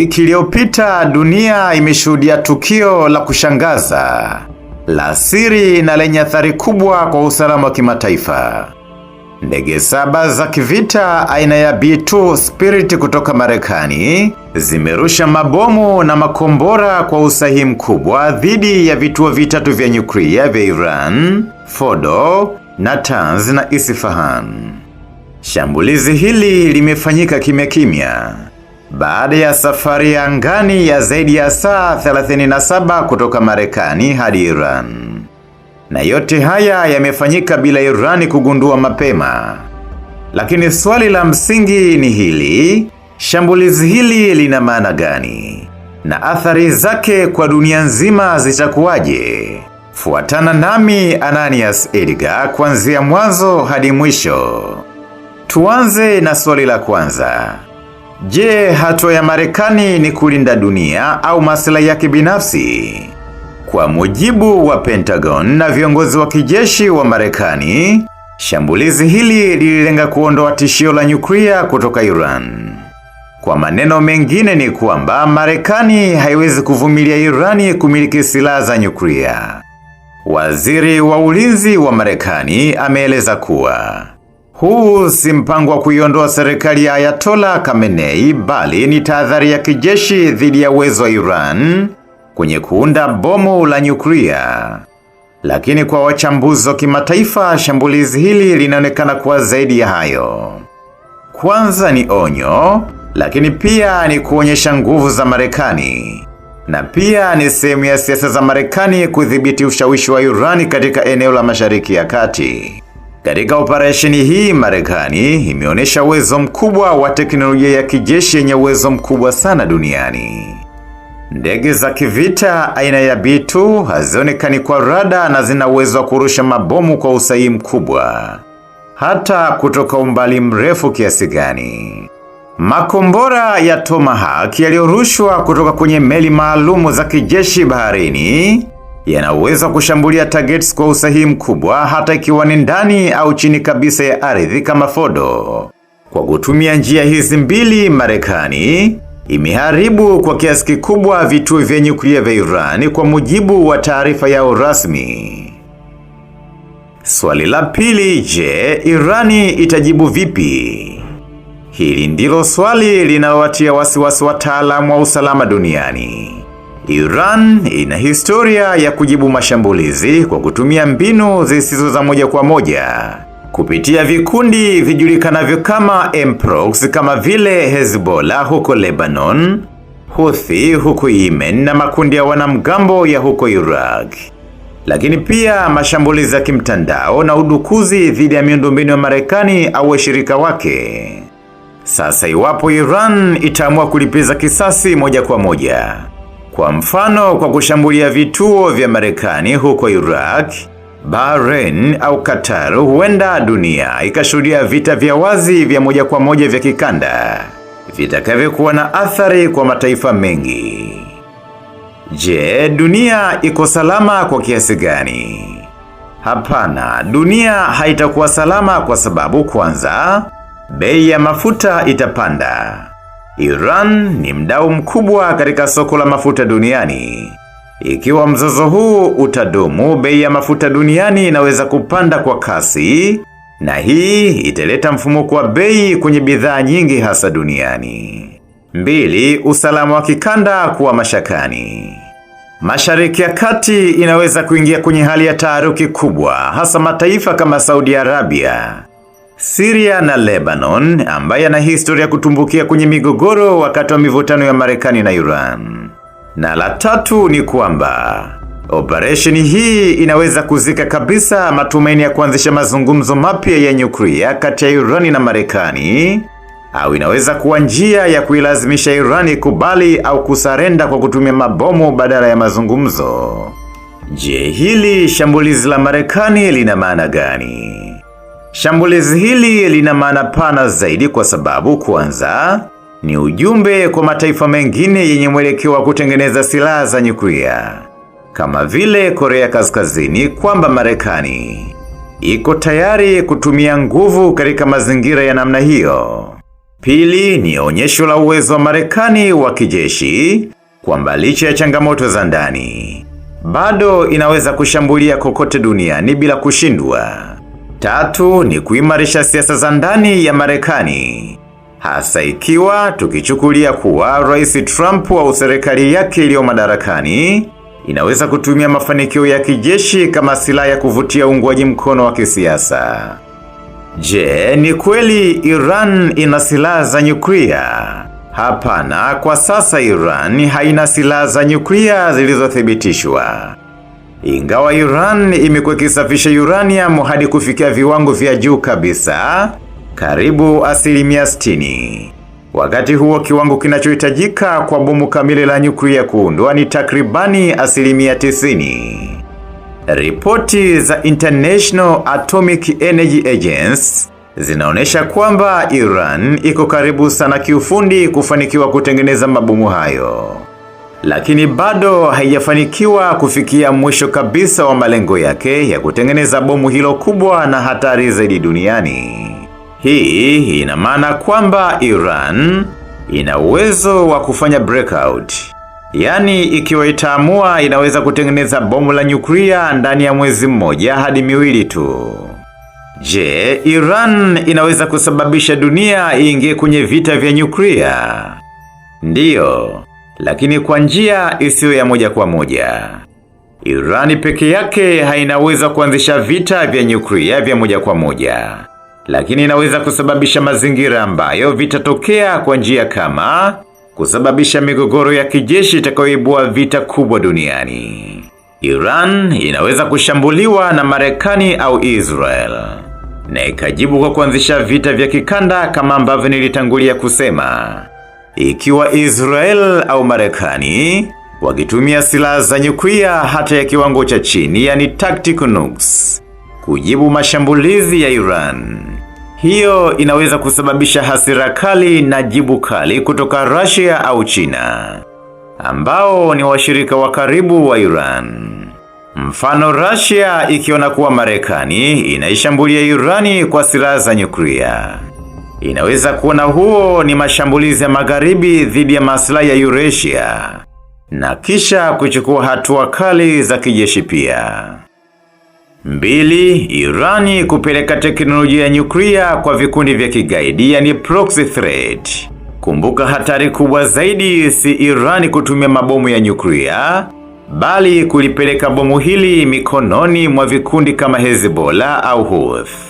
Wiki iliyopita dunia imeshuhudia tukio la kushangaza la siri na lenye athari kubwa kwa usalama wa kimataifa. Ndege saba za kivita aina ya B2 Spirit kutoka Marekani zimerusha mabomu na makombora kwa usahihi mkubwa dhidi ya vituo vitatu vya nyuklia vya Iran, Fordo, Natanz na Isfahan. Shambulizi hili limefanyika kimya kimya baada ya safari ya angani ya zaidi ya saa 37 kutoka Marekani hadi Iran. Na yote haya yamefanyika bila Irani kugundua mapema. Lakini swali la msingi ni hili, shambulizi hili lina maana gani? Na athari zake kwa dunia nzima zitakuwaje? Fuatana nami Ananias Edgar kuanzia mwanzo hadi mwisho. Tuanze na swali la kwanza. Je, hatua ya Marekani ni kulinda dunia au maslahi yake binafsi? Kwa mujibu wa Pentagon na viongozi wa kijeshi wa Marekani, shambulizi hili lililenga kuondoa tishio la nyuklia kutoka Iran. Kwa maneno mengine ni kwamba Marekani haiwezi kuvumilia Irani kumiliki silaha za nyuklia. Waziri wa Ulinzi wa Marekani ameeleza kuwa huu si mpango wa kuiondoa serikali ya Ayatola Khamenei, bali ni tahadhari ya kijeshi dhidi ya uwezo wa Iran kwenye kuunda bomu la nyuklia. Lakini kwa wachambuzi wa kimataifa, shambulizi hili linaonekana kuwa zaidi ya hayo. Kwanza ni onyo, lakini pia ni kuonyesha nguvu za Marekani na pia ni sehemu ya siasa za Marekani kudhibiti ushawishi wa Irani katika eneo la Mashariki ya Kati. Katika operesheni hii, Marekani imeonyesha uwezo mkubwa wa teknolojia ya kijeshi yenye uwezo mkubwa sana duniani. Ndege za kivita aina ya B2 hazionekani kwa rada na zina uwezo wa kurusha mabomu kwa usahihi mkubwa, hata kutoka umbali mrefu kiasi gani. Makombora ya Tomahawk yaliyorushwa kutoka kwenye meli maalumu za kijeshi baharini yanaweza kushambulia targets kwa usahihi mkubwa hata ikiwa ni ndani au chini kabisa ya ardhi kama fodo. Kwa kutumia njia hizi mbili, Marekani imeharibu kwa kiasi kikubwa vituo vya nyuklia vya Iran kwa mujibu wa taarifa yao rasmi. Swali la pili, je, Irani itajibu vipi? Hili ndilo swali linalowatia wasiwasi wataalamu wa usalama duniani. Iran ina historia ya kujibu mashambulizi kwa kutumia mbinu zisizo za moja kwa moja kupitia vikundi vijulikanavyo kama mprox kama vile Hezbollah huko Lebanon, Houthi huko Yemen na makundi ya wanamgambo ya huko Iraq. Lakini pia mashambulizi ya kimtandao na udukuzi dhidi ya miundombinu ya Marekani au washirika wake. Sasa iwapo Iran itaamua kulipiza kisasi moja kwa moja kwa mfano kwa kushambulia vituo vya Marekani huko Iraq, Bahrain au Qatar, huenda dunia ikashuhudia vita vya wazi vya moja kwa moja vya kikanda vitakavyokuwa na athari kwa mataifa mengi. Je, dunia iko salama kwa kiasi gani? Hapana, dunia haitakuwa salama kwa sababu kwanza, bei ya mafuta itapanda. Iran ni mdau mkubwa katika soko la mafuta duniani. Ikiwa mzozo huu utadumu, bei ya mafuta duniani inaweza kupanda kwa kasi, na hii italeta mfumuko wa bei kwenye bidhaa nyingi hasa duniani. Mbili, usalama wa kikanda kuwa mashakani. Mashariki ya Kati inaweza kuingia kwenye hali ya taharuki kubwa, hasa mataifa kama Saudi Arabia Syria na Lebanon ambaye ana historia kutumbukia kwenye migogoro wakati wa mivutano ya Marekani na Iran. Na la tatu ni kwamba operesheni hii inaweza kuzika kabisa matumaini ya kuanzisha mazungumzo mapya ya nyuklia kati ya Irani na Marekani au inaweza kuwa njia ya kuilazimisha Irani kubali au kusarenda kwa kutumia mabomu badala ya mazungumzo. Je, hili shambulizi la Marekani lina maana gani? Shambulizi hili lina maana pana zaidi kwa sababu kwanza, ni ujumbe kwa mataifa mengine yenye mwelekeo wa kutengeneza silaha za nyuklia kama vile Korea Kaskazini kwamba Marekani iko tayari kutumia nguvu katika mazingira ya namna hiyo. Pili, ni onyesho la uwezo wa Marekani wa kijeshi kwamba licha ya changamoto za ndani bado inaweza kushambulia kokote duniani bila kushindwa. Tatu ni kuimarisha siasa za ndani ya Marekani, hasa ikiwa tukichukulia kuwa Rais Trump au serikali yake iliyo madarakani inaweza kutumia mafanikio ya kijeshi kama silaha ya kuvutia uungwaji mkono wa kisiasa. Je, ni kweli Iran ina silaha za nyuklia? Hapana, kwa sasa Iran haina silaha za nyuklia zilizothibitishwa. Ingawa Iran imekuwa ikisafisha uranium hadi kufikia viwango vya juu kabisa, karibu asilimia 60. Wakati huo kiwango kinachohitajika kwa bomu kamili la nyuklia kuundwa ni takribani asilimia 90. Ripoti za International Atomic Energy Agency zinaonyesha kwamba Iran iko karibu sana kiufundi kufanikiwa kutengeneza mabomu hayo lakini bado haijafanikiwa kufikia mwisho kabisa wa malengo yake ya kutengeneza bomu hilo kubwa na hatari zaidi duniani. Hii ina maana kwamba Iran ina uwezo wa kufanya breakout. Yaani, ikiwa itaamua inaweza kutengeneza bomu la nyuklia ndani ya mwezi mmoja hadi miwili tu. Je, Iran inaweza kusababisha dunia iingie kwenye vita vya nyuklia? Ndiyo lakini kwa njia isiyo ya moja kwa moja. Irani peke yake hainaweza kuanzisha vita vya nyuklia vya moja kwa moja, lakini inaweza kusababisha mazingira ambayo vitatokea kwa njia kama kusababisha migogoro ya kijeshi itakayoibua vita kubwa duniani. Iran inaweza kushambuliwa na Marekani au Israel na ikajibu kwa kuanzisha vita vya kikanda kama ambavyo nilitangulia kusema. Ikiwa Israel au Marekani wakitumia silaha za nyuklia hata ya kiwango cha chini, yani tactical nukes, kujibu mashambulizi ya Iran, hiyo inaweza kusababisha hasira kali na jibu kali kutoka Russia au China ambao ni washirika wa karibu wa Iran. Mfano, Russia ikiona kuwa Marekani inaishambulia Irani kwa silaha za nyuklia inaweza kuona huo ni mashambulizi ya magharibi dhidi ya maslahi ya Eurasia na kisha kuchukua hatua kali za kijeshi pia. Mbili, Irani kupeleka teknolojia ya nyuklia kwa vikundi vya kigaidi yani proxy threat. Kumbuka, hatari kubwa zaidi si Irani kutumia mabomu ya nyuklia, bali kulipeleka bomu hili mikononi mwa vikundi kama Hezbollah au Houthi.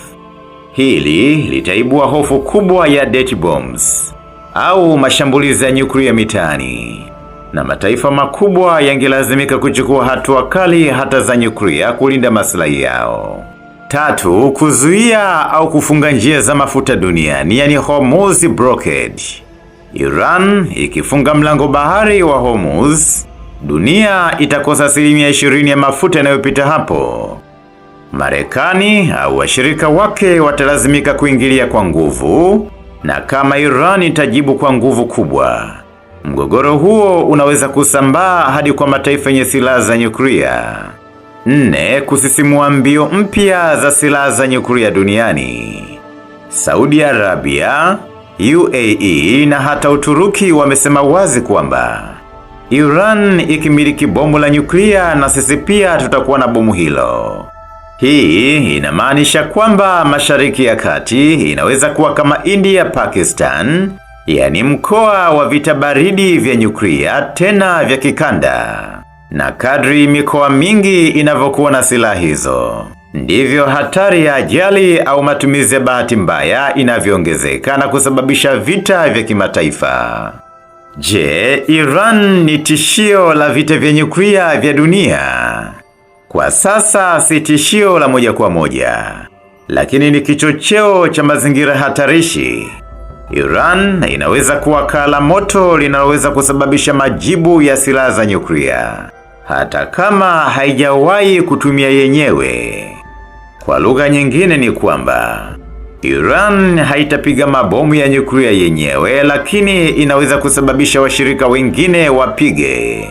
Hili litaibua hofu kubwa ya date bombs au mashambulizi ya nyuklia mitaani, na mataifa makubwa yangelazimika kuchukua hatua kali hata za nyuklia kulinda maslahi yao. Tatu, kuzuia au kufunga njia za mafuta duniani, yani Hormuz blockade. Iran ikifunga mlango bahari wa Hormuz, dunia itakosa asilimia 20 ya mafuta yanayopita hapo. Marekani au washirika wake watalazimika kuingilia kwa nguvu, na kama Iran itajibu kwa nguvu kubwa, mgogoro huo unaweza kusambaa hadi kwa mataifa yenye silaha za nyuklia. Nne, kusisimua mbio mpya za silaha za nyuklia duniani. Saudi Arabia, UAE na hata Uturuki wamesema wazi kwamba Iran ikimiliki bomu la nyuklia na sisi pia tutakuwa na bomu hilo. Hii inamaanisha kwamba Mashariki ya Kati inaweza kuwa kama India, Pakistan, yani mkoa wa vita baridi vya nyuklia tena vya kikanda. Na kadri mikoa mingi inavyokuwa na silaha hizo, ndivyo hatari ya ajali au matumizi ya bahati mbaya inavyoongezeka na kusababisha vita vya kimataifa. Je, Iran ni tishio la vita vya nyuklia vya dunia? kwa sasa si tishio la moja kwa moja, lakini ni kichocheo cha mazingira hatarishi. Iran inaweza kuwa kala moto linaloweza kusababisha majibu ya silaha za nyuklia, hata kama haijawahi kutumia yenyewe. Kwa lugha nyingine ni kwamba Iran haitapiga mabomu ya nyuklia yenyewe, lakini inaweza kusababisha washirika wengine wapige.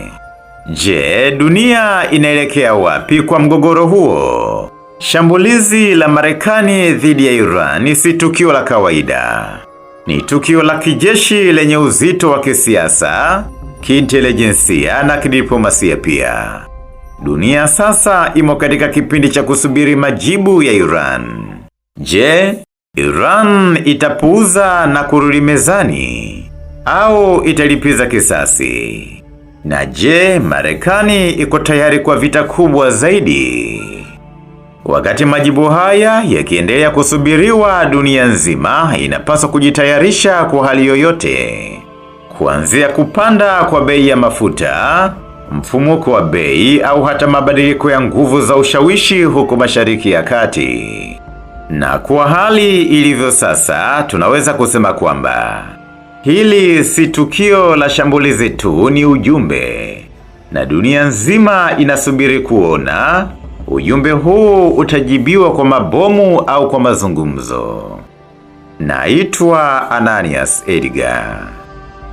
Je, dunia inaelekea wapi kwa mgogoro huo? Shambulizi la Marekani dhidi ya Iran si tukio la kawaida. Ni tukio la kijeshi lenye uzito wa kisiasa, kiintelijensia na kidiplomasia pia. Dunia sasa imo katika kipindi cha kusubiri majibu ya Iran. Je, Iran itapuuza na kurudi mezani au italipiza kisasi? Na je, Marekani iko tayari kwa vita kubwa zaidi? Wakati majibu haya yakiendelea kusubiriwa, dunia nzima inapaswa kujitayarisha kwa hali yoyote, kuanzia kupanda kwa bei ya mafuta, mfumuko wa bei au hata mabadiliko ya nguvu za ushawishi huko Mashariki ya Kati. Na kwa hali ilivyo sasa, tunaweza kusema kwamba Hili si tukio la shambulizi tu, ni ujumbe, na dunia nzima inasubiri kuona ujumbe huu utajibiwa kwa mabomu au kwa mazungumzo. Naitwa Ananias Edgar.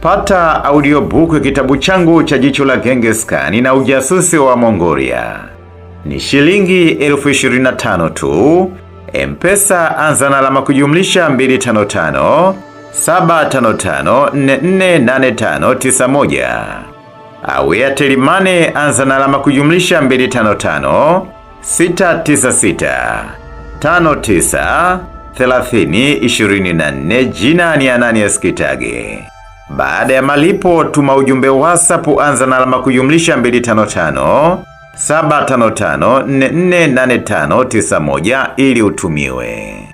Pata audiobook ya kitabu changu cha Jicho la Genghis Khan na Ujasusi wa Mongolia. Ni shilingi elfu ishirini na tano tu. Mpesa anza na alama kujumlisha 255 moja au ya telimane anza na alama kujumlisha tisa thelathini ishirini na 24. Jina ni Ananias Kitage. Baada ya malipo, tuma ujumbe WhatsApp anza na alama kujumlisha tisa moja ili utumiwe.